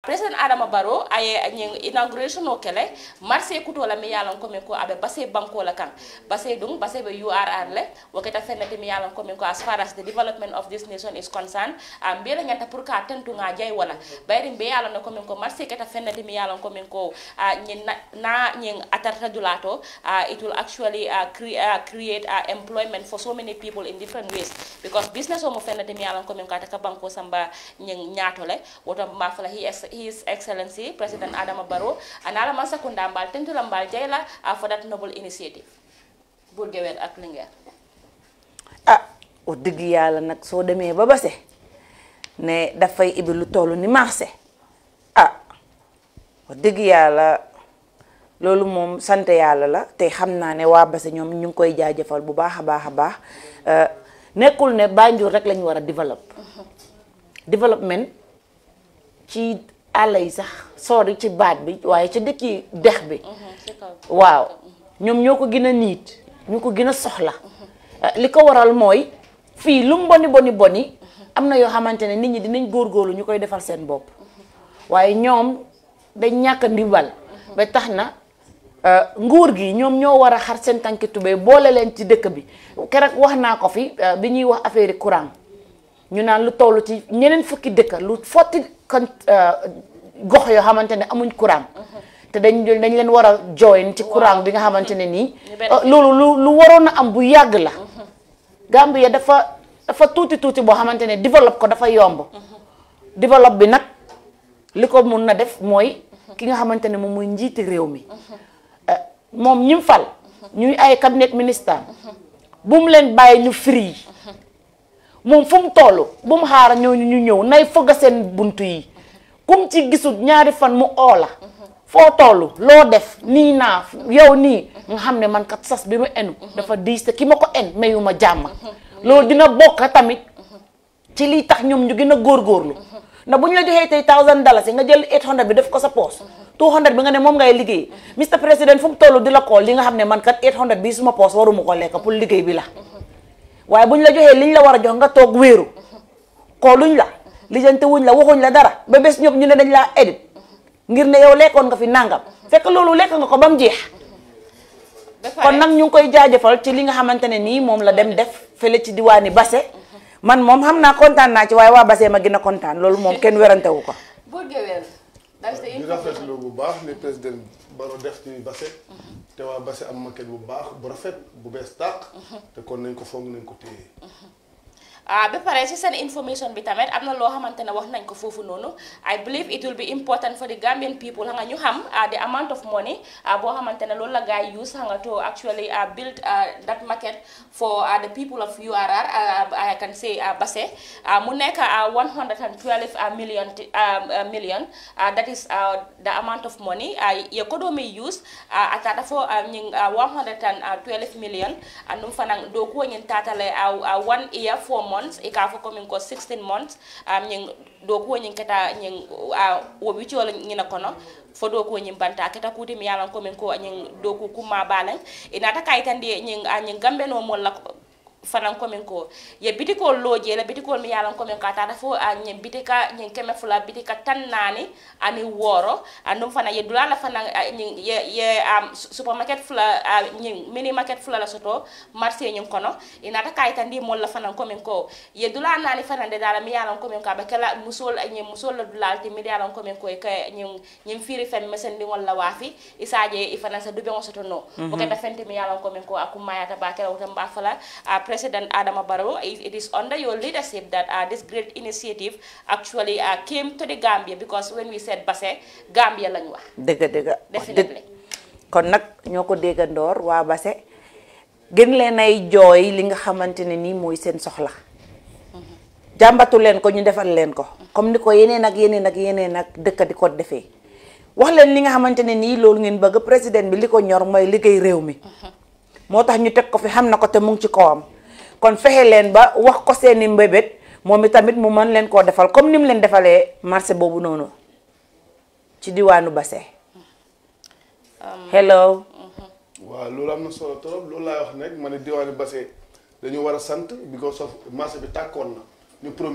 President Adama Barrow aye inauguration o kele marse kutola mi yalan ko min ko aɓe base bankola kan base ɗum base ɓe urr le woketa fennete mi yalan ko min ko as keta fennete mi yalan komin ko ñin na ñin it will actually create employment for so many people in different ways because business omo fennete mi yalan komin ko ataka banko samba ñin ñatole woto ma fala hi His Excellency President Adama Barrow and Alama Sakunda Mbal Tentula Mbal Jaila for that noble initiative. Bourguewel ak Linguère. ah wax yàlla nag soo demee ba base ne dafay ibi lu toll ni marse ah wax dëgg yàlla loolu moom sant yàlla la te xam naa ne waa base ñoom ñu ngi koy jaajëfal bu baax a baax a baax euh, nekkul ne Banjul rek lañu war a développe mhm. développement ci àll yi sax sori ci baat bi waaye ci dëkki dex bi mhm, waaw ñoom ñoo ko gën a niit ñu ko gën a soxla mhm. li ko waral mooy fii lu mu boni boni boni am na yoo xamante ne nit ñi dinañ góor góorgóorlu ñu koy defal seen bopp mhm. waaye ñoom dañ ñàkk ndimbal ba tax na euh, nguur gi ñoom ñoo war a xar seen tànki tubéy boole leen ci dëkk bi keroog wax naa ko fi euh, bi ñuy wax affaire courant ñu naan lu toll ci ñeneen fukki dëkk lu fotti kon euh, gox yoo xamante ne amuñ courant. te dañ dañ leen war a join ci courant bi nga xamante ne nii. Euh, loolu lu lu waroon a am bu yàgg la. ya dafa dafa tuuti tuuti boo xamante ne développe ko dafa yomb. développe bi nag li ko mun na def mooy. ki nga xamante ne moom mooy njiiti réew mi. Euh, moom ñim fal. ñuy ay cabinet ministre. bu mu leen bàyyi ñu free. moom fu mu toll bu mu xaar ñooñu ñu ñëw nay foog seen bunt yi kum ci gisul ñaari fan mu oola foo toll loo def nii naa yow nii nga xam ne man kat sas bi ma enu dafa diis te ki ma ko en mayu ma jàmm loolu dina bokk tamit ci lii tax ñoom ñu gën a góorgóorlu ndax bu ñu la joxee tey thousand dollars yi nga jël eight hundred bi def ko sa poos two hundred bi nga ne moom ngay liggéey Mr President fu mu di la kool li nga xam ne man kat eight hundred bi suma poos waruma ko lekk pour bi la waaye bu ñu la joxee liñ la war a jox nga toog wéeru xooluñ la lijante la waxuñ la dara ba bés ñoom ñu ne dañ laa edit ngir ne yow lekkoon nga fi nangam fekk loolu lekk nga ko ba mu jeex. kon nag ñu ngi koy jaajëfal ci li nga xamante ne nii moom la dem def fële ci diwaani Basse man moom xam naa kontaan naa ci waaye waa Basse ma gën a loolu moom kenn werante wu ko. ñu fait bu baax le président Baro def ci te am maquette bu baax bu rafet bu il mhm. te kon ko Ah, ba pare ci seen information bi tamit am na loo xamante ne wax nañ ko foofu noonu I believe it will be important for the Gambian people xam nga ñu xam ah, the amount of money ah, boo xamante ne loolu la gars yi use xam nga to actually build that market for the people of URR I can say Basse mu nekk 112 million million that is the amount of money ye kodo may use atata fo ñing 112 million andum fanan do ko ñin tatale one year four months e ka fo komin ko 16 months am um, nyin do ko nyin kata nyin a wo bi chola kono fo do ko nyin banta kata kudi mi yalan komin ko nyin do ko kuma balan ina ta kaytande nyin nyin gambe no la fanan komin ko ye bitikol looje la bitikol mi yalan komin ko atata fo a ñin bitika ñin keme fula bitika tan naani ani wooro andum fana ye dulala fana ñin ye fula uh, ñin fula la soto marché ñin kono inata a ndi mol la fanan komin ko ye dula naani fana de dala mi yalan komin ko aɓe kala musol ñin la dulal ti mi yalan komin ko ke la e waafi isaje i fana sa dubeŋo soto no mm o keta fenti mi yalan komin ko fala President Adama Barrow, it is under your leadership that uh, this great initiative actually uh, came to the Gambia because when we said Basse, Gambia lañu wax. dëgg dëgg definitely kon nag ñoo ko déggandoor waa Basse gën leen ay jooy li nga xamante ne nii mooy seen soxla. Mm-hmm. jàmbatu leen ko ñu defal leen ko. comme ni ko yeneen ak yeneen ak yeneen ak dëkk di ko defee. wax leen li nga xamante ne nii loolu ngeen bëgg président bi li ko ñor mooy liggéey réew mi. Mm-hmm. moo tax ñu teg ko fi xam na ko te mu ngi ci kawam. kon fexe leen ba wax ko seeni mbébét moom i tamit mu mën leen koo defal comme ni leen defalee marché boobu noonu ci diwaanu base um, hello. Mm-hmm. waaw loolu am na solo trop loolu laay wax nag ma ne diwaanu base dañu war a sant because of marché bi tàkkoon na